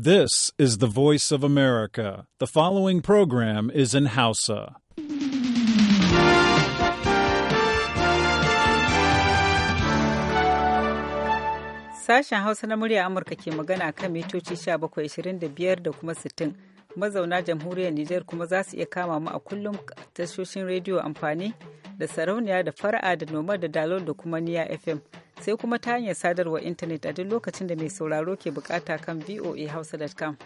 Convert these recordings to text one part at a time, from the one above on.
This is the voice of America. The following program is in Hausa. Sashen Hausa na murya Amurka ke magana kan mitoci 1725 da kuma 60. Mazauna jamhuriyar Nijar kuma za su iya kama mu a kullum tashoshin rediyo amfani da sarauniya da fara'a da noma da dalol da kuma niya FM. sai kuma ta hanyar sadarwar intanet a duk lokacin da mai sauraro ke bukata kan voahausa.com.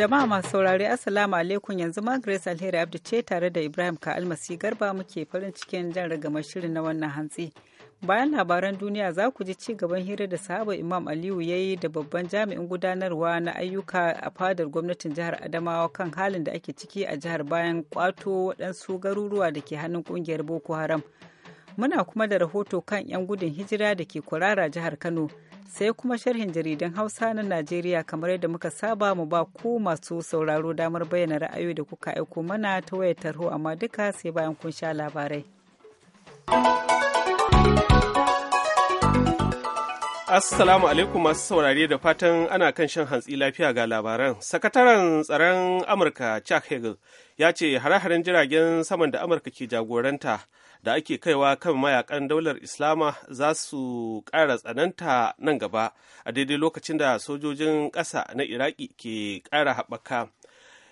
jama'a masu saurari assalamu alaikum yanzu ma grace alheri abdu ce tare da ibrahim ka almasi garba muke farin cikin jan ragamar shirin na wannan hantsi bayan labaran duniya za ku ji ci gaban hira da sahaba imam aliyu ya yi da babban jami'in gudanarwa na ayyuka a fadar gwamnatin jihar adamawa kan halin da ake ciki a jihar bayan kwato waɗansu garuruwa da ke hannun ƙungiyar boko haram muna kuma da rahoto kan 'yan gudun hijira da ke kurara jihar kano sai kuma sharhin jaridan hausa na najeriya kamar yadda muka saba mu ba ko masu sauraro damar bayyana ra'ayoyi da kuka aiko mana ta wayar tarho amma duka sai bayan kun sha labarai. Assalamu alaikum masu saurare da fatan ana kan shan hantsi lafiya ga labaran. Sakataren tsaron Amurka Chuck Hagel ya ce hare-haren jiragen saman da Amurka ke jagoranta da ake kaiwa kan mayakan daular Islama za su ƙara tsananta nan gaba a daidai lokacin da sojojin ƙasa na Iraki ke ƙara haɓaka.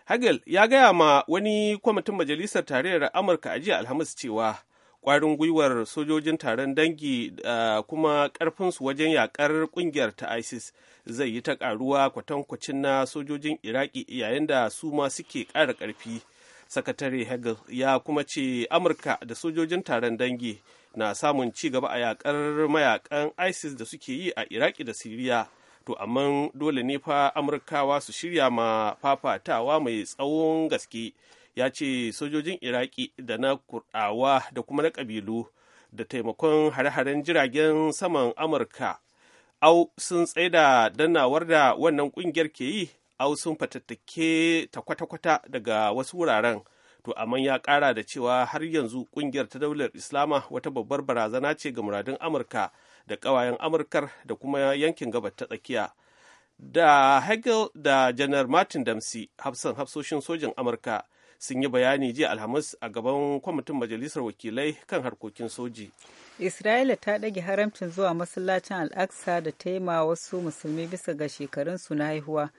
Hagel ya gaya ma wani kwamitin majalisar tarayyar Amurka a jiya Alhamis cewa kwarin gwiwar sojojin taron dangi da kuma karfinsu wajen yakar kungiyar ta isis zai yi ta karuwa kwatankwacin na sojojin iraki yayin da su ma suke kara karfi sakatare hegel ya kuma ce amurka da sojojin taron dangi na samun ci gaba a yakar mayakan isis da suke yi a iraki da siriya to amma dole ne fa amurkawa su shirya ma fafatawa mai tsawon gaske ya ce sojojin iraki da na kurawa da kuma na ƙabilu da taimakon hare-haren jiragen saman amurka au sun tsaida danawar da wannan ƙungiyar ke yi au sun fatattake ta kwata-kwata daga wasu wuraren to amma ya kara da cewa har yanzu ƙungiyar ta daular islama wata babbar barazana ce ga muradun amurka da ƙawayen amurkar da kuma yankin gabar ta tsakiya da hegel da janar martin damsi hafsan hafsoshin sojin amurka sun yi bayani jiya alhamis a gaban kwamitin majalisar wakilai kan harkokin soji isra'ila ta ɗage haramcin zuwa masallacin al'aksa da ta wasu musulmi bisa ga shekarunsu na haihuwa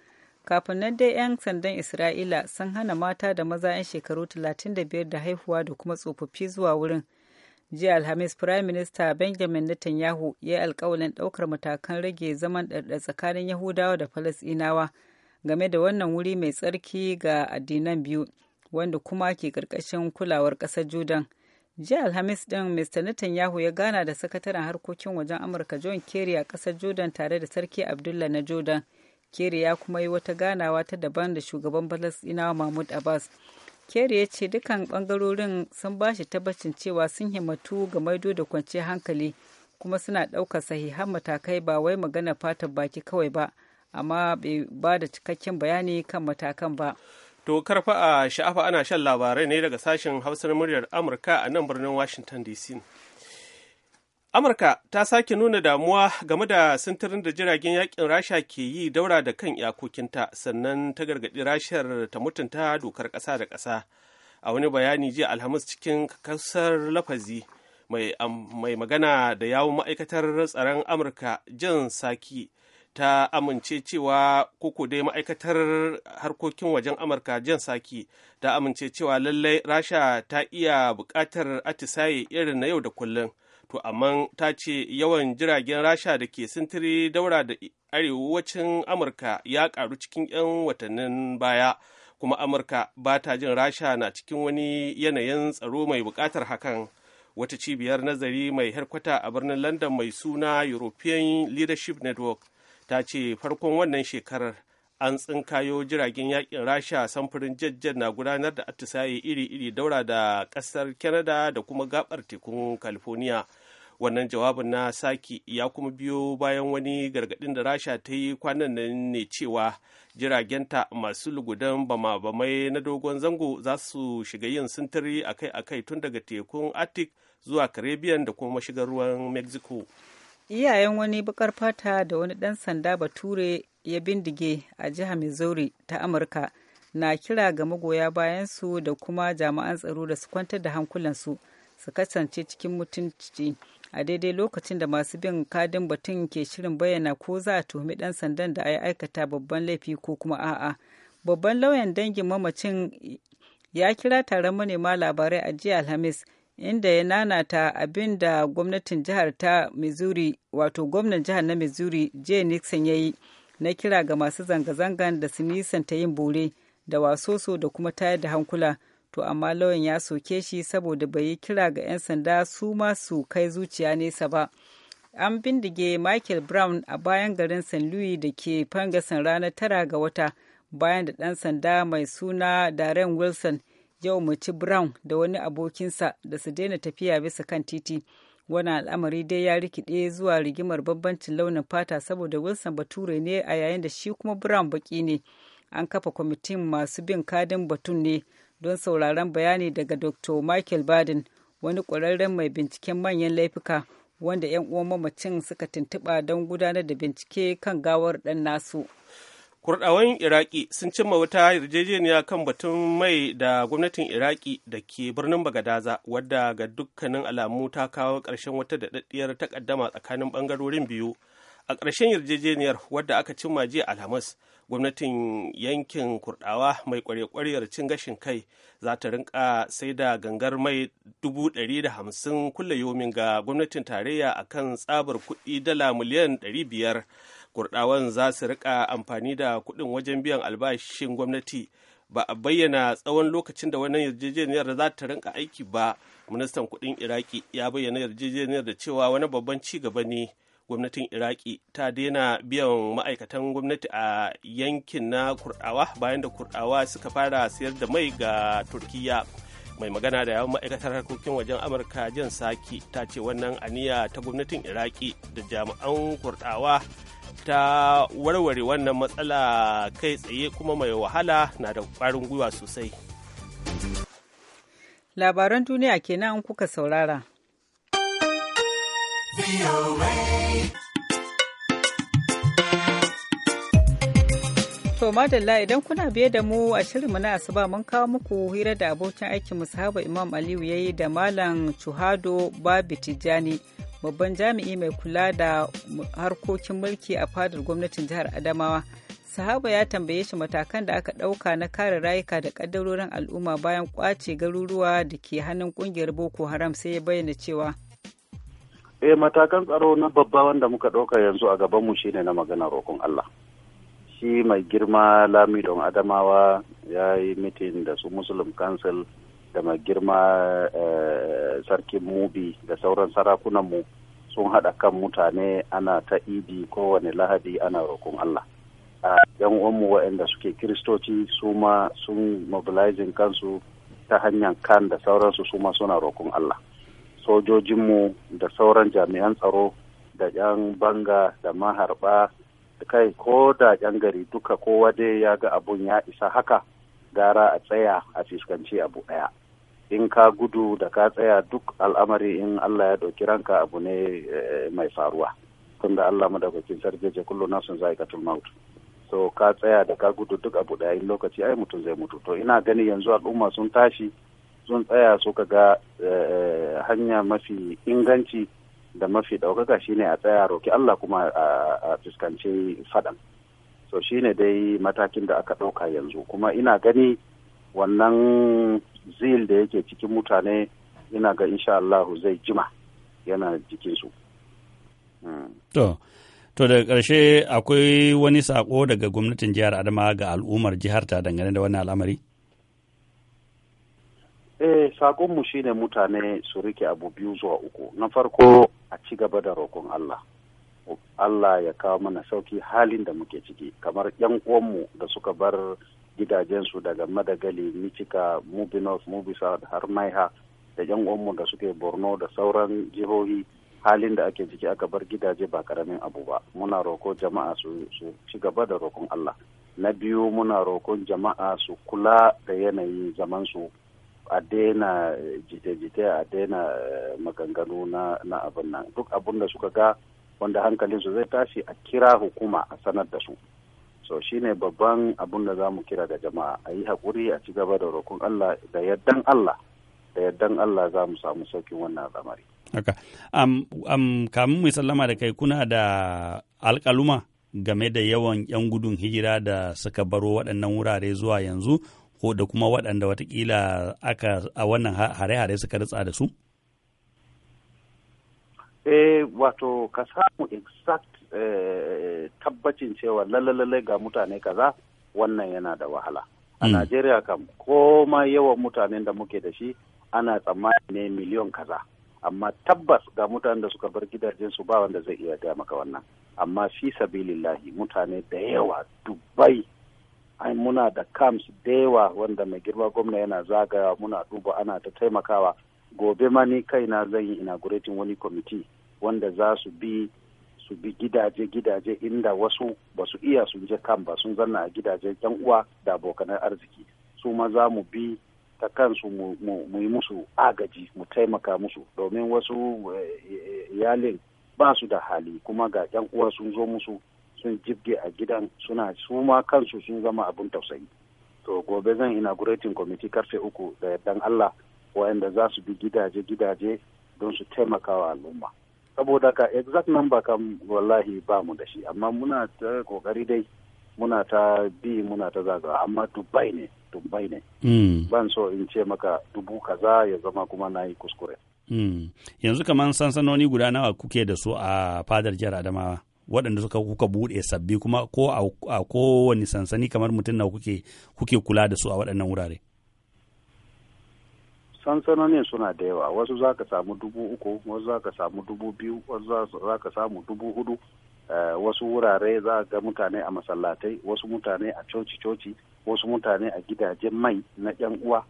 kafin nan dai 'yan sandan isra'ila sun hana mata da maza 'yan shekaru 35 da haihuwa da kuma tsofaffi zuwa wurin jiya alhamis prime minister benjamin netanyahu ya yi alkawalin ɗaukar matakan rage zaman ɗarɗa tsakanin yahudawa da falasɗinawa game da wannan wuri mai tsarki ga addinan biyu wanda kuma ke ƙarƙashin kulawar ƙasar jordan jiya alhamis din mr netanyahu ya gana da sakataren harkokin wajen amurka john kerry a ƙasar jordan tare da sarki abdullah na jordan kerry ya kuma yi wata ganawa ta daban da shugaban falasɗinawa mahmud abbas kerry ya ce dukkan ɓangarorin sun ba shi tabbacin cewa sun himmatu ga maido da kwanciyar hankali kuma suna ɗaukar sahihan matakai ba wai magana fatar baki kawai ba amma bai ba da cikakken bayani kan matakan ba To karfa a sha'afa ana shan labarai ne daga sashen hausar muryar Amurka a nan birnin Washington DC. Amurka ta sake nuna damuwa game da sintirin da jiragen yakin Rasha ke yi daura da kan iyakokinta sannan ta gargaɗi Rashar ta mutunta dokar ƙasa da ƙasa. A wani bayani jiya Alhamis cikin kasar lafazi mai, magana da yawun ma'aikatar tsaron Amurka Jan Saki ta amince cewa koko dai ma'aikatar harkokin wajen amurka jan saki ta amince cewa lallai rasha ta iya bukatar atisaye irin na yau da kullum to amma ta ce yawan jiragen rasha da ke sintiri daura da arewacin amurka ya karu cikin 'yan watannin baya kuma amurka ba ta jin rasha na cikin wani yanayin tsaro mai bukatar hakan wata cibiyar nazari mai harkwata a birnin london mai suna european leadership network ta ce farkon wannan shekarar an tsinkayo jiragen yakin rasha samfurin jajjar na gudanar da atisaye iri-iri daura da kasar canada da kuma gabar tekun california wannan jawabin na saki ya kuma biyo bayan wani gargadin da rasha ta yi kwanan nan ne cewa jiragenta masu lugudan bama-bamai na dogon zango za su shiga yin sintiri akai-akai tun daga tekun arctic zuwa caribbean da kuma mashigar ruwan mexico iyayen wani bakar fata da wani ɗan sanda bature ya bindige a jihar missouri ta amurka na kira ga magoya bayansu da kuma jami'an tsaro da su kwantar da hankulansu su kasance cikin mutunci a daidai lokacin da masu bin kadin batun ke shirin bayyana ko za a tuhumi ɗan sandan da a aikata babban laifi ko kuma a'a babban lauyan dangin mamacin ya kira taron manema labarai a jiya alhamis inda ya nanata abin da gwamnatin jihar ta Missouri wato gwamnan jihar na Missouri Jay Nixon ya yi na kira ga masu zanga-zangan da su nisanta yin bore da wasoso da kuma tayar da hankula to amma lauyan ya soke shi saboda bai yi kira ga 'yan sanda su masu kai zuciya nesa ba an bindige michael brown a bayan garin st louis da ke fangasan ranar tara ga wata bayan da ɗan sanda mai suna darren wilson yau mu ci brown da wani abokinsa da su daina tafiya bisa kan titi wani al'amari dai ya rikide zuwa rigimar bambancin launin fata saboda wilson bature ne a yayin da shi kuma brown baki ne an kafa kwamitin masu bin kadin batun ne don sauraron bayani daga dr michael baden wani ƙwararren mai binciken manyan laifuka wanda 'yan uwan mamacin suka tuntuɓa don gudanar da bincike kan gawar ɗan nasu kurdawan iraki sun cimma wata yarjejeniya kan batun mai da gwamnatin iraki da ke birnin bagadaza wadda ga dukkanin alamu ta kawo ƙarshen wata daɗaɗɗiyar takaddama tsakanin ɓangarorin biyu a ƙarshen yarjejeniyar wadda aka cimma jiya alhamis gwamnatin yankin kurdawa mai kwarewar cin gashin kai za ta rinka sai da gangar mai dubu 150 kulle yomin ga gwamnatin tarayya akan tsabar kuɗi dala miliyan biyar. kurdawan za su rika amfani da kuɗin wajen biyan albashin gwamnati ba a bayyana tsawon lokacin da wannan yarjejeniyar za ta rinka aiki ba ministan kuɗin iraki ya bayyana yarjejeniyar da cewa wani babban ci gaba ne gwamnatin iraki ta daina biyan ma'aikatan gwamnati a yankin na kurdawa bayan da kurdawa suka fara sayar da mai ga turkiya mai magana da yawon ma'aikatar harkokin wajen amurka jan saki ta ce wannan aniya ta gwamnatin iraki da jami'an kurdawa ta warware wannan matsala kai tsaye kuma mai wahala na da ƙwarin gwiwa sosai labaran duniya kenan kuka saurara To madalla idan kuna biye da mu a shirinmu na asuba mun kawo muku hira da abokin aikin musahaba Imam Aliyu yayi da Malam Chuhado Babi Tijjani. babban jami'i mai kula da harkokin mulki a fadar gwamnatin jihar adamawa sahaba ya tambaye shi matakan da aka ɗauka na kare rayuka da ƙaddarorin al'umma bayan ƙwace garuruwa da ke hannun ƙungiyar boko haram sai ya bayyana cewa eh matakan tsaro na babba wanda muka ɗauka yanzu a gabanmu shine na magana roƙon allah shi mai girma lami don adamawa ya yi mitin da su muslim council da mai girma eh, sarkin mubi da sauran sarakunanmu sun haɗa kan mutane ana ta idi kowane lahadi ana roƙon Allah. yan uwanmu waɗanda suke kiristoci su ma sun mobilizing kansu ta hanyar kan da sauransu su ma suna roƙon Allah. Sojojinmu da sauran jami'an tsaro da 'yan banga da maharba kai ko da 'yan gari duka kowa dai ya ga abun ya isa haka gara a tsaya a fuskanci abu ɗaya. in ka gudu da ka tsaya duk al'amari in Allah ya ɗauki ranka abu ne eh, mai faruwa tunda Allah madaukakin sarki je kullu nasun zaikatul maut so ka tsaya da ka gudu duk abu ɗaya lokaci ai mutum zai mutu to ina gani yanzu al'umma sun tashi sun tsaya suka ga eh, hanya mafi inganci da mafi ɗaukaka shine a tsaya roki Allah kuma a fuskanci faɗan so shine dai matakin da aka ɗauka yanzu kuma ina gani wannan zil da yake cikin mutane ina ga insha Allahu zai jima yana jikinsu. su. Hmm. To, to daga ƙarshe akwai wani saƙo daga gwamnatin jihar Adama ga al'ummar jihar ta dangane da wannan al'amari? Eh, saƙonmu shi ne mutane su rike abu biyu zuwa uku. Na farko a ci gaba da roƙon Allah. Allah ya kawo mana sauki halin da muke ciki, kamar 'yan uwanmu da suka bar gidajensu daga madagali michika mubinos mubisa har maiha da yan uwanmu da suke borno da sauran jihohi halin da ake ciki aka bar gidaje ba karamin abu ba muna roko jama'a su ci gaba da roƙon allah na biyu muna roƙon jama'a su kula da yanayin zaman su a daina jite-jite a daina eh, maganganu na abin nan duk abin da suka ga wanda hankalinsu zai tashi a kira hukuma a sanar da su so shine babban abun da za mu kira ga jama'a a yi haƙuri a ci gaba da roƙon allah da yardan allah da yardan allah za mu samu sauƙin wannan al'amari haka um, um, mai sallama da kai kuna da alƙaluma game da yawan 'yan gudun hijira da suka baro waɗannan wurare zuwa yanzu ko da kuma waɗanda watakila aka a wannan hare-hare suka ritsa da su? Eh, wato ka samu exact Eh, tabbacin cewa lalalale ga mutane kaza wannan yana da wahala a hmm. najeriya kam koma yawan mutanen da muke da shi ana tsammani ne miliyon kaza amma tabbas ga mutanen da suka bar gidajen su ba wanda zai iya gaya maka wannan amma fi sabilillahi mutane da yawa dubai ai muna da camps da yawa wanda mai girma gwamna yana zagaya muna duba ana ta taimakawa gobe ma ni kaina zan yi inauguratin wani kwamiti wanda za su bi su bi gidaje-gidaje inda wasu ba su iya sun je kan ba sun zanna a gidajen yan uwa da abokanan arziki su ma za mu bi ta kansu mu yi musu agaji mu taimaka musu domin wasu eh, iyalin ba su da hali kuma ga yan uwa sun zo musu sun jibge a gidan suna su ma kansu sun zama abin tausayi to gobe zan inaugurating kwamiti karfe uku da yardan Allah wayanda za su bi gidaje-gidaje don su taimaka wa al'umma saboda ka exact number kam wallahi ba mu da shi amma muna ta kokari dai muna ta bi muna ta zagawa amma dubai ne dubai ne hmm. ban so in ce maka dubu kaza ya zama kuma na yi kuskure hmm. yanzu kamar sansanoni guda nawa kuke da su a fadar jihar adamawa waɗanda suka kuka buɗe sabbi kuma ko a kowane sansani kamar mutum na kuke kula da su a waɗannan wurare sansanonin suna da yawa wasu za ka samu dubu uku wasu za ka samu dubu biyu wasu za ka samu dubu hudu eh, wasu wurare za ga mutane a masallatai wasu mutane a coci-coci wasu mutane a gidajen mai na yan uwa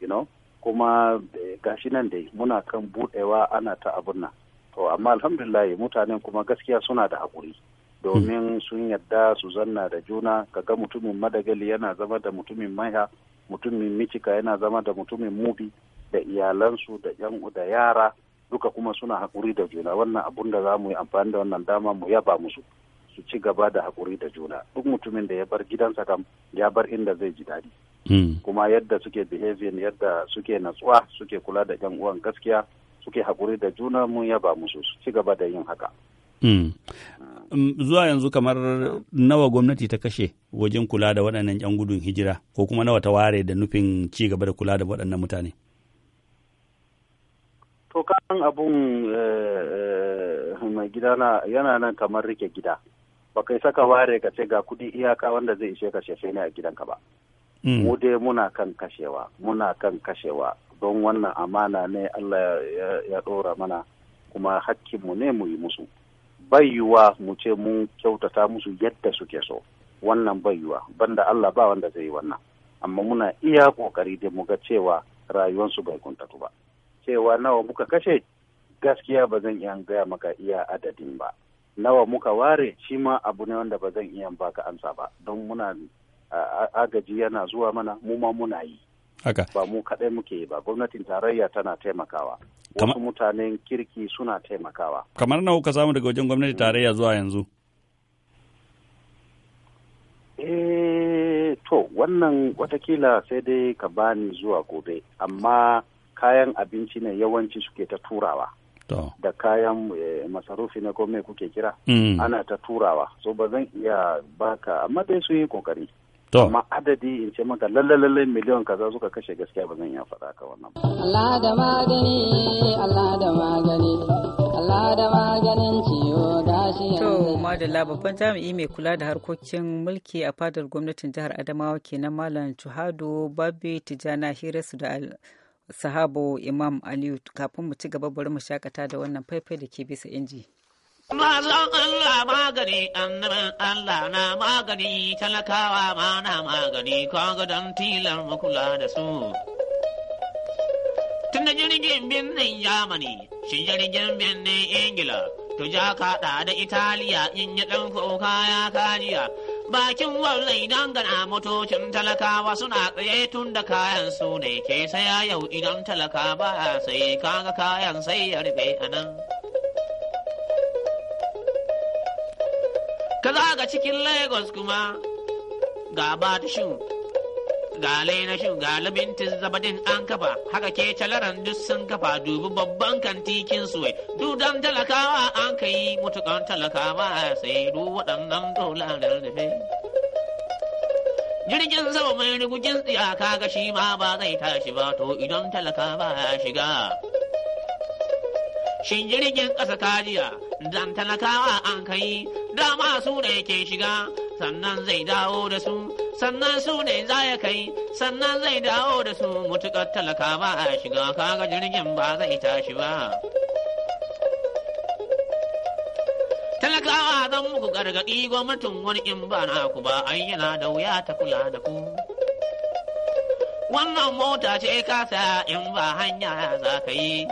you know kuma eh, gashi nan dai muna kan budewa ana ta abun nan to amma alhamdulillah mutanen kuma gaskiya suna da haƙuri domin sun yadda su zanna da juna ka ga mutumin madagali yana zama da mutumin maiha mutumin micika yana zama da mutumin mubi da iyalansu da yan da yara duka kuma suna haƙuri da juna wannan abun da za mu yi amfani da wannan dama mu yaba musu su ci gaba da haƙuri da juna duk mutumin da ya bar gidansa kam ya bar inda zai ji daɗi hmm. kuma yadda suke behavior yadda suke natsuwa suke kula da yan uwan gaskiya suke haƙuri da juna mun yaba musu su ci gaba da yin haka. Hmm. Hmm, zuwa yanzu kamar nawa gwamnati ta kashe wajen kula da waɗannan 'yan gudun hijira ko kuma nawa ta ware da nufin ci gaba da kula da waɗannan mutane? To kan abun eh, eh, mai gida yana nan kamar rike gida. Ba kai saka ware ka ce ga kuɗi iyaka wanda zai ishe ka shefe ne a gidanka ba. Hmm. Mu dai muna kan kashewa, muna kan kashewa don wannan amana ne Allah ya ɗora mana kuma mu ne mu yi musu. bayuwa mu ce mun kyautata musu yadda suke so. Wannan bayuwa banda Allah ba wanda zai yi wannan. Amma muna iya kokari da mu ga cewa rayuwarsu bai kuntatu ba. cewa nawa muka kashe gaskiya ba zan iya gaya maka iya adadin ba nawa muka ware shi ma abu ne wanda ba zan iya baka amsa ba don muna agaji yana zuwa mana mu ma muna yi Ba mu kaɗai muke yi ba, gwamnatin tarayya tana taimakawa. Wasu mutanen kirki suna taimakawa. Kamar nawa ka samu daga wajen gwamnatin tarayya zuwa yanzu? Eh, to, wannan watakila sai dai ka bani zuwa gobe, amma kayan abinci ne yawanci suke ta turawa da kayan eh, masarufi na ko kuke kira mm. ana ta turawa so ba zan iya baka amma dai su yi kokari amma adadi in ce maka lalle lalle miliyon kaza suka kashe gaskiya ba zan iya faɗa ka wannan Allah da magani Allah da magani Allah da maganin ciwo gashi to madalla babban jami'i mai kula da harkokin mulki a fadar gwamnatin jihar Adamawa kenan Malam Tuhado Babe Tijana Hirasu da sahabo imam aliyu kafin mu ci gaba bari mu shakata da wannan faifai da ke bisa inji Mazan Allah magani, annabin Allah na magani, talakawa ma na magani, kaga don tilar makula da su. Tun da jirgin birnin Yamani, shi jirgin birnin Ingila, to ja kaɗa da Italiya in yi ɗan kuka ya kariya, bakin wallai idan gana motocin talakawa suna tsaye tun da kayan su ne ke saya yau idan talaka ba sai kaga kayan sai ya rufe a nan. Ka ga cikin Lagos kuma ga batishin ga na shin ga labintin zabadin an kafa haka ke calaran duk sun kafa dubi babban kantikin suwai dudan talakawa an kai yi mutukan talakawa sai du waɗannan dolarar da jirgin sama mai rigujin tsiyaka ga shi ma ba zai tashi ba to idan talaka ba ya shiga shin jirgin ƙasa kajiya dan talakawa an kai dama su da yake shiga sannan zai dawo da su sannan su ne za ya kai sannan zai dawo da su mutukar talaka ba a shiga kaga jirgin ba zai tashi ba talakawa zan muku gargaɗi gwamnatin wani in ba na ku ba an yana da wuya ta kula da ku wannan mota ce kasa in ba hanya za ka yi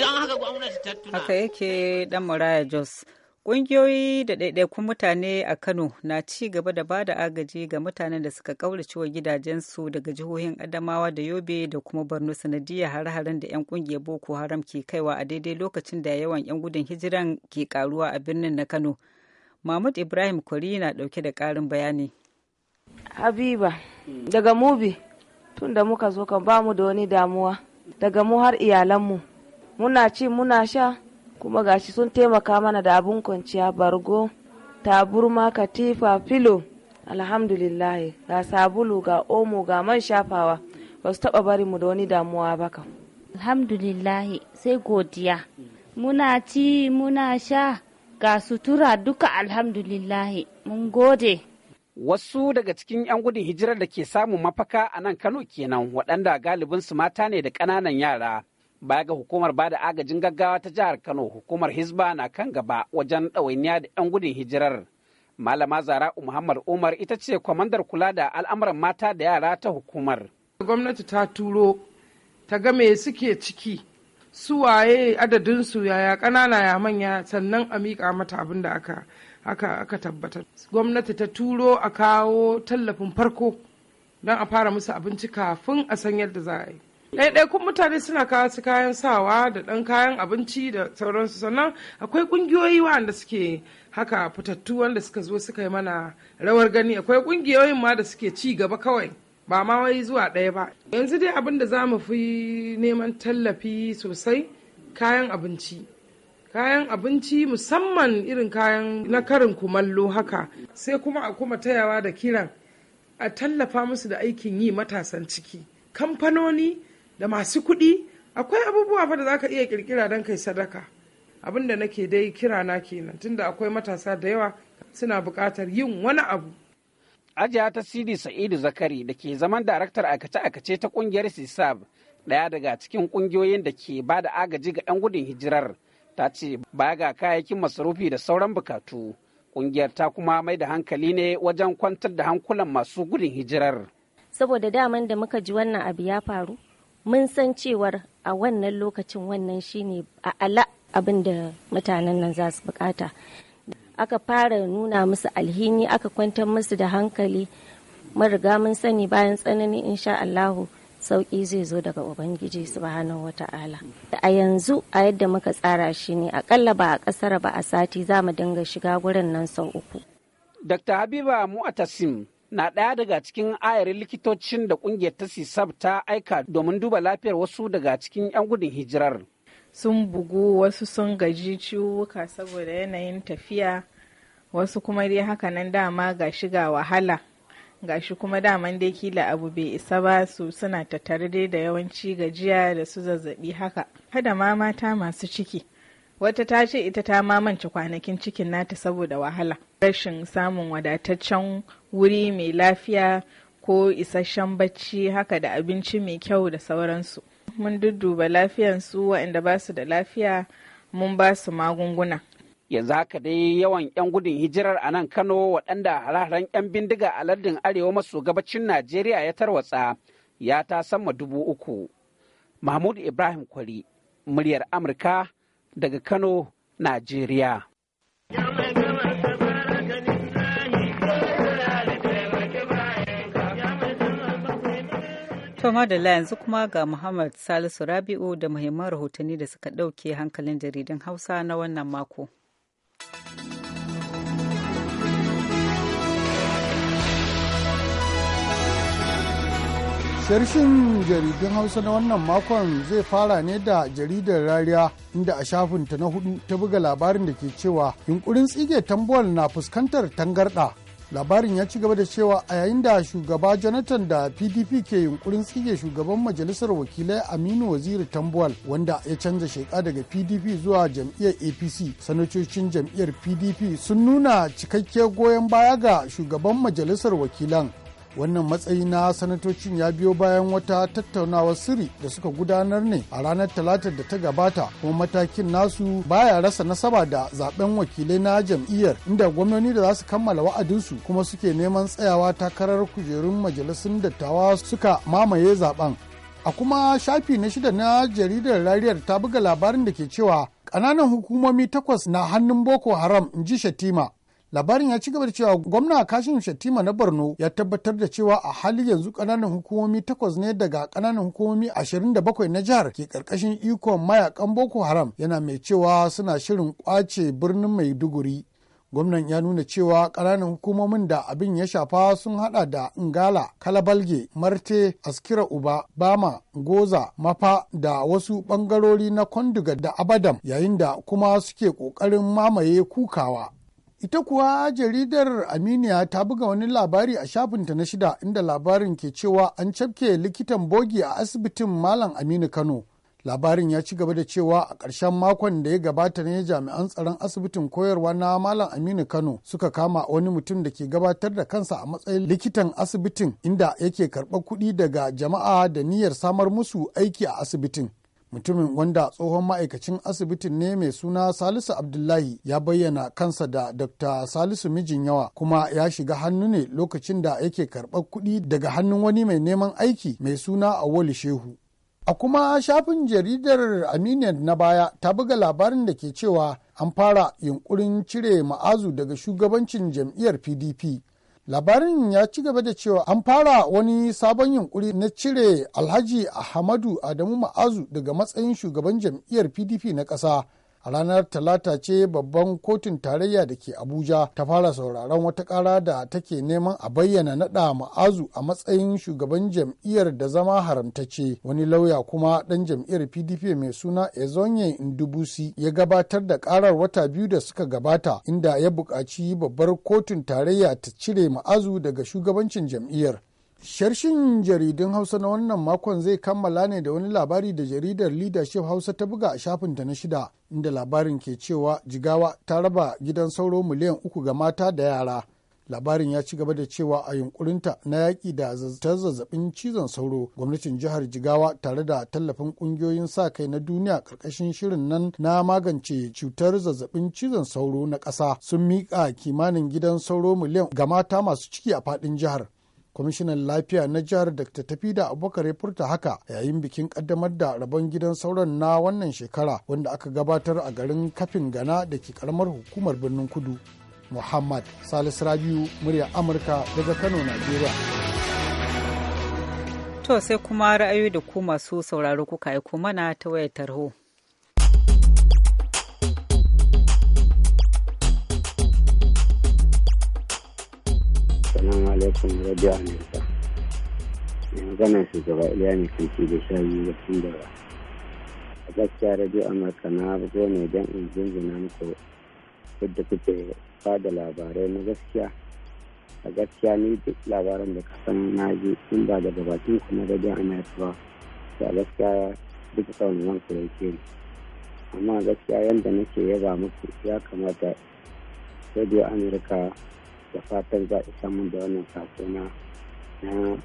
don haka gwamnati ta haka yake dan muraya jos Ƙungiyoyi da ɗaiɗaikun mutane a Kano na ci gaba da ba da agaji ga mutanen da suka ƙaurace wa gidajensu daga jihohin Adamawa da Yobe da kuma Borno sanadiyar har haren da 'yan ƙungiyar Boko Haram ke kaiwa a daidai lokacin da yawan 'yan gudun hijiran ke karuwa a birnin na Kano. Mahmud Ibrahim Kwari na ɗauke da ƙarin bayani. Habiba, daga Mubi, tun da muka zo ka bamu da wani damuwa, daga mu har iyalanmu. Muna ci muna sha, kuma gashi sun taimaka mana da abun kwanciya bargo taburma katifa filo alhamdulillah ga sabulu ga omo ga man shafawa ba su taba bari mu da wani damuwa ba kam alhamdulillah sai godiya muna ci muna sha ga sutura duka alhamdulillah mun gode wasu daga cikin 'yan gudun hijirar da ke samun mafaka a nan kano kenan waɗanda galibinsu mata ne da ƙananan yara Baya ga hukumar ba da agajin gaggawa ta jihar Kano, hukumar Hisba na kan gaba wajen ɗawainiya da 'yan gudun hijirar. Malama Zara'u Muhammad Umar ita ce kwamandar kula da al'amuran mata da yara ta hukumar. Gwamnati ta turo ta ga me suke ciki, su waye adadinsu yaya ƙanana ya manya sannan a mika mata abin da aka aka aka tabbatar. Gwamnati ta turo a kawo tallafin farko don a fara musu abinci kafin a san yadda za a yi. ɗaiɗaikun mutane suna kawo su kayan sawa da ɗan kayan abinci da sauransu sannan akwai ƙungiyoyi waɗanda suke haka fitattu wanda suka zo suka yi mana rawar gani akwai ƙungiyoyin ma da suke ci gaba kawai ba ma wai zuwa ɗaya ba yanzu dai abin da za mu fi neman tallafi sosai kayan abinci kayan abinci musamman irin kayan na karin kumallo haka sai kuma a kuma tayawa da kiran a tallafa musu da aikin yi matasan ciki kamfanoni da masu kuɗi akwai abubuwa fa da za ka iya kirkira don kai sadaka abin da nake dai kira na kenan tunda akwai matasa da yawa suna buƙatar yin wani abu ajiya ta sidi sa'idu zakari da ke zaman daraktar aikace-aikace ta kungiyar sisab ɗaya daga cikin ƙungiyoyin da ke ba da agaji ga 'yan gudun hijirar ta ce baya ga kayayyakin masarufi da sauran bukatu ƙungiyar ta kuma mai da hankali ne wajen kwantar da hankulan masu gudun hijirar saboda daman da muka ji wannan abu ya faru mun san cewar a wannan lokacin wannan shine a ala abin da mutanen nan za su bukata aka fara nuna musu alhini aka kwantar musu da hankali mariga mun sani bayan tsanani insha Allahu sauƙi zai zo daga ubangiji subhanahu wata'ala a yanzu a yadda muka tsara shi ne akalla ba a ƙasar ba a sati za mu dinga shiga gurin nan sau uku dr habiba mu'atasim na ɗaya daga cikin ayarin likitocin da ƙungiyar ta sisab ta aika domin duba lafiyar wasu daga cikin 'yan gudun hijirar. Sun bugu wasu sun gaji ciwuka saboda yanayin tafiya wasu kuma dai haka nan dama ga shi ga wahala gashi kuma daman dai kila abu bai isa ba su suna tattare dai da yawanci gajiya da su zazzabi haka. Kada ma mata masu ciki. wata ta ce ita ta mamance kwanakin cikin nata saboda wahala rashin samun wadataccen wuri mai lafiya ko isasshen bacci haka da abinci mai kyau da sauransu mun dudduba lafiyansu waɗanda ba su da lafiya mun ba su magunguna yanzu haka dai yawan 'yan gudun hijirar a nan kano waɗanda hararren 'yan bindiga a lardin arewa maso gabacin najeriya ya tarwatsa ya ta sama dubu uku mahmud ibrahim kwari muryar amurka daga Kano, Najeriya. Toma da yanzu kuma ga Muhammad Salisu Rabi'u da muhimman rahotanni da suka ɗauke hankalin jaridan Hausa na wannan mako. Sharshin jaridun Hausa na wannan makon zai fara ne da jaridar rariya inda a shafinta na hudu ta buga labarin da ke cewa yunkurin tsige tambuwal na fuskantar tangarɗa. Labarin ya ci gaba da cewa a yayin da shugaba Jonathan da PDP ke yunkurin tsige shugaban majalisar wakilai Aminu Waziri Tambuwal wanda ya canza sheka daga PDP zuwa jam'iyyar APC. Sanatocin jam'iyyar PDP sun nuna cikakke goyon baya ga shugaban majalisar wakilan wannan matsayi na sanatocin ya biyo bayan wata tattaunawar sirri da suka gudanar ne a ranar talatar da ta gabata kuma matakin nasu baya rasa nasaba da zaben wakilai na jam'iyyar inda gwamnoni da za su kammala wa'adinsu kuma suke neman tsayawa takarar kujerun majalisun dattawa suka mamaye zaben a kuma shafi na shida na jaridar rariyar ta buga labarin da ke cewa ƙananan hukumomi takwas na hannun boko haram in ji shatima labarin ya ci gaba da cewa gwamna kashin shattima na borno ya tabbatar da cewa a hali yanzu kananan hukumomi takwas ne daga kananan hukumomi 27 na jihar ke karkashin ikon mayakan boko haram yana mai cewa suna shirin kwace birnin maiduguri gwamnan ya nuna cewa kananan hukumomin da abin ya shafa sun hada da ngala kalabalge marte askira uba bama goza mafa da wasu bangarori na kwanduga da abadam yayin da kuma suke kokarin mamaye kukawa Ita kuwa jaridar Aminiya ta buga wani labari a shafinta na shida inda labarin ke cewa an cafke likitan bogi a asibitin Malam Aminu Kano. Labarin ya ci gaba da cewa a ƙarshen makon da ya gabata ne jami'an tsaron asibitin koyarwa na Malam Aminu Kano suka kama wani mutum da ke gabatar da kansa a matsayin likitan asibitin inda yake karɓar kuɗi daga jama'a da niyyar samar musu aiki a asibitin. mutumin wanda tsohon ma'aikacin asibitin ne mai suna salisu abdullahi ya bayyana kansa da dr salisu mijin yawa kuma ya shiga hannu ne lokacin da yake karɓar kuɗi daga hannun wani mai neman aiki mai suna awali shehu a kuma shafin jaridar aminian na baya ta buga labarin da ke cewa an fara yunkurin cire ma'azu daga shugabancin jam'iyyar pdp Labarin ya ci gaba da cewa an fara wani sabon yunkuri na cire Alhaji Ahmadu Adamu Ma'azu daga matsayin shugaban jam'iyyar PDP na ƙasa a ranar talata ce babban kotun tarayya da ke abuja ta fara sauraron wata kara da take neman a bayyana naɗa ma'azu a matsayin shugaban jam'iyyar da zama haramtacce wani lauya kuma ɗan jam'iyyar pdp mai suna ezonye ndubusi ya gabatar da karar wata biyu da suka gabata inda ya buƙaci babbar kotun tarayya ta cire ma'azu daga shugabancin jam'iyyar Sharshin jaridun Hausa na wannan makon zai kammala ne da wani labari da jaridar Leadership Hausa ta buga a shafinta na shida, inda labarin ke cewa jigawa ta raba gidan sauro miliyan uku ga mata da yara. Labarin ya ci gaba da cewa a yunkurinta na yaƙi da zazzabin cizon sauro, gwamnatin jihar Jigawa tare da tallafin ƙungiyoyin sa kai na duniya ƙarƙashin shirin nan na magance cutar zazzabin cizon sauro na ƙasa sun miƙa kimanin gidan sauro miliyan ga mata masu ciki a faɗin jihar. kwamishinan lafiya na jihar dr tafida abubakar ya furta haka yayin bikin kaddamar da rabon gidan sauran na wannan shekara wanda aka gabatar a garin kafin gana da ke karamar hukumar birnin kudu muhammad salisu rabiu murya amurka daga kano nigeria to sai kuma ra'ayoyi da ku masu sauraro kuka aiko mana ta wayar tarho alaikum radio america mai magana shugaba iliya kan ke da shayi wasu da a gaskiya radio america na bugo ne don in jinjina muku yadda kuke da labarai na gaskiya a gaskiya ni duk labaran da kasan na ji in ba da gabatun kuma radio america ba da gaskiya duka kaunin ku yake ne amma gaskiya yadda nake yaba muku ya kamata radio america da fatan za a samu da wannan sako na na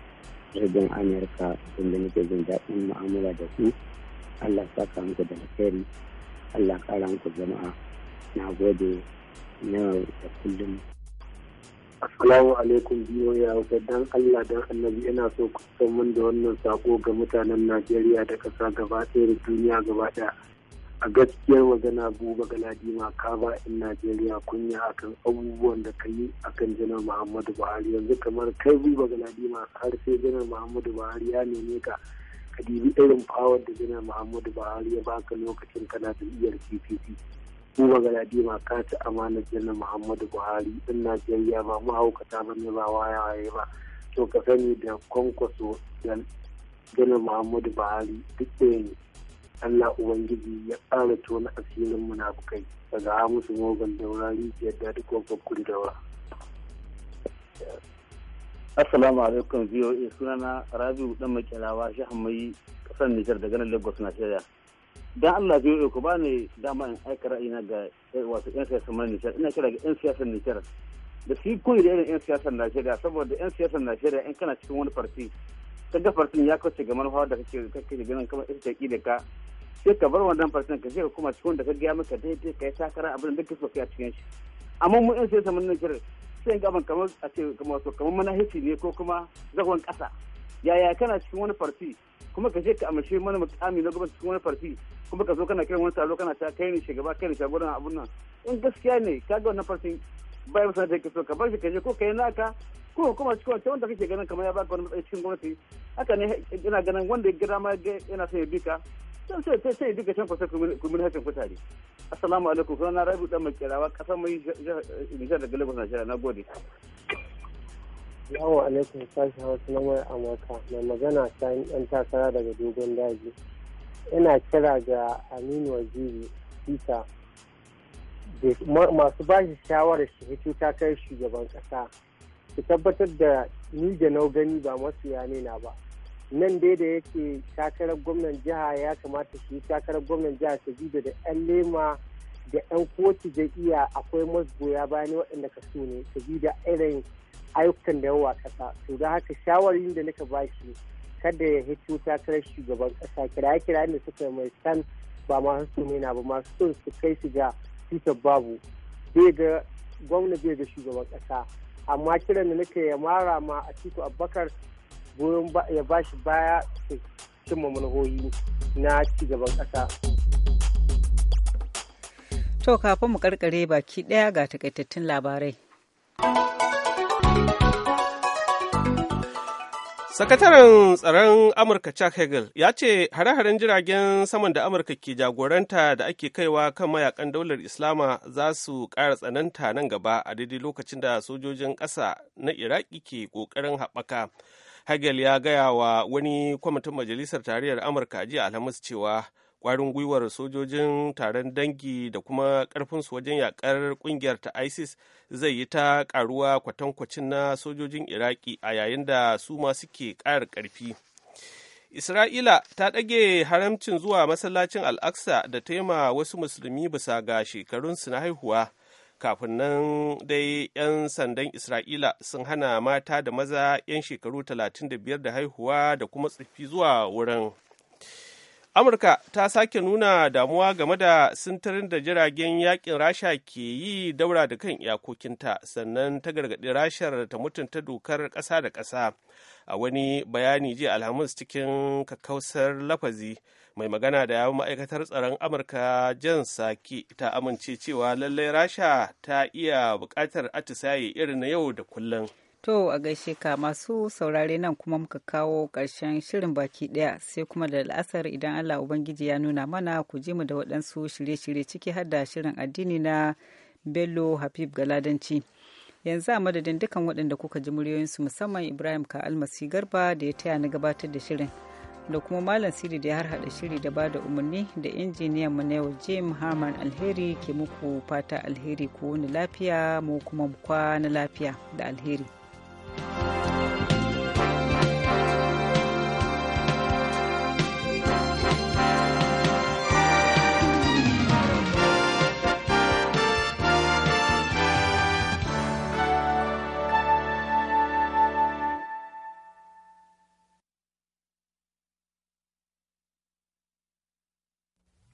jirgin amurka inda nake jin daɗin mu'amala da su allah saka muku da alheri allah ƙara muku jama'a na gode na da kullum Assalamu alaikum biyo ya wuce dan Allah dan annabi ina so ku san mun da wannan sako ga mutanen Najeriya da ƙasa gaba ɗaya da duniya gaba ɗaya. a gaskiyar magana buba galadima ka ba in najeriya kunya akan abubuwan da ka yi akan janar muhammadu buhari yanzu kamar kai buba galadima har sai janar muhammadu buhari ya neme ka ka dibi irin fawar da janar muhammadu buhari ya baka lokacin kana jam'iyyar cpp buba galadima ka ci amanar janar muhammadu buhari in najeriya ba mu mahaukata ba ne ba wayaye ba to ka sani da kwankwaso janar muhammadu buhari duk da Allah Ubangiji ya tsara tona asirin munafukai daga musu mogon daura rijiyar da duk wabban kuri Assalamu alaikum VOA sunana Rabiu dan makelawa shi mai kasar Nijar daga nan Lagos shirya. Dan Allah VOA ku ba ni dama in aika ra'ayina ga eh, wato yan siyasar mai Nijar ina kira ga yan siyasar Nijar da su koyi da irin yan siyasar Najeriya saboda yan siyasar Najeriya in kana cikin wani farti ta gafartin ya kauce ga manufa da kake kake ganin kamar ita ta ki da ka sai ka bar wannan farcen ka sai ka kuma cikin da ka gaya maka daidai ka yi takara abin da ka so a cikin shi amma mu in sai samun nan kiran sai ga ban kamar a ce kamar so kamar mana manahici ne ko kuma zagon kasa yaya kana cikin wani farti kuma ka je ka amince mana mutami na gaba cikin wani farti kuma ka zo kana kiran wani taro kana ta kai ni shugaba kai ni shagoran abun nan in gaskiya ne ka ga wannan farti bai masa da kake so ka bar shi ka je ko kai naka ko kuma cikin wancan wanda kake ganin kamar ya baka wani matsayi cikin gwamnati haka ne ina ganin wanda ya gida ma yana son ya bi ka sai sai sai sai duka can kusa kumin hakin kutare assalamu alaikum kuma na rabu dan makirawa kasan mai nijar da galibus najeriya na gode Assalamu alaikum sashi hausa na mai amurka mai magana sayan yan takara daga dogon daji ina kira ga aminu waziri sita masu ba shi shawarar shi hito ta kai shugaban kasa su tabbatar da ni da nau gani ba masu yane na ba nan dai da yake takarar gwamnan jiha ya kamata su takarar gwamnan jiha sabida da 'yan lema da 'yan kotu iya akwai masgoya bayan waɗanda ka so ne sabida irin ayyukan da yawa ƙasa to da haka shawarin da nika shi kada ya hito takarar shugaban ƙasa kira kira da suka mai san ba masu so ne na ba masu son su kai su ga babu bai ga gwamna bai ga shugaban ƙasa amma kiran da nika ya mara ma a tiku abubakar goyon ya ba shi baya su cimma manuhoyi na cigaban ƙasa. To kafin mu karkare baki ɗaya ga takaitattun labarai. Sakataren tsaron Amurka Chuck Hagel ya ce hare-haren jiragen saman da Amurka ke jagoranta da ake kaiwa kan mayakan daular Islama za su ƙara tsananta nan gaba a daidai lokacin da sojojin ƙasa na Iraki ke ƙoƙarin haɓaka. hagel ya gaya wa wani kwamitin majalisar tarayyar amurka jiya alhamis cewa kwarin gwiwar sojojin taron dangi da kuma karfinsu wajen yakar kungiyar ta isis zai yi ta karuwa kwatankwacin na sojojin iraki a yayin da su ma suke ƙara ƙarfi isra'ila ta ɗage haramcin zuwa masallacin al'aqsa da taima wasu musulmi bisa ga shekarunsu na haihuwa kafin nan dai 'yan sandan isra'ila sun hana mata da maza 'yan shekaru 35 da haihuwa da kuma tsiffi zuwa wurin amurka ta sake nuna damuwa game da sintirin da jiragen yakin rasha ke yi daura da kan iyakokinta sannan ta gargaɗi rashar ta mutunta dokar ƙasa da ƙasa a wani bayani jiya alhamis cikin kakkausar lafazi mai magana da yawun ma'aikatar tsaron amurka jan saki ta amince cewa lallai rasha ta iya bukatar atisaye irin na yau da kullum To a gaishe ka masu saurare nan kuma muka kawo karshen shirin baki ɗaya sai kuma da la'asar idan Allah Ubangiji ya nuna mana ku ji mu da waɗansu shirye-shirye ciki har da shirin addini na Bello Habib Galadanci. Yanzu a madadin dukan waɗanda kuka ji muryoyinsu musamman Ibrahim Ka Almasi Garba da ya taya na gabatar da shirin da kuma malam siri da ya harhaɗa shiri da ba da umarni da injiniyan mu na yau jim harman alheri ke muku fata alheri ku wani lafiya mu kuma kwana lafiya da alheri.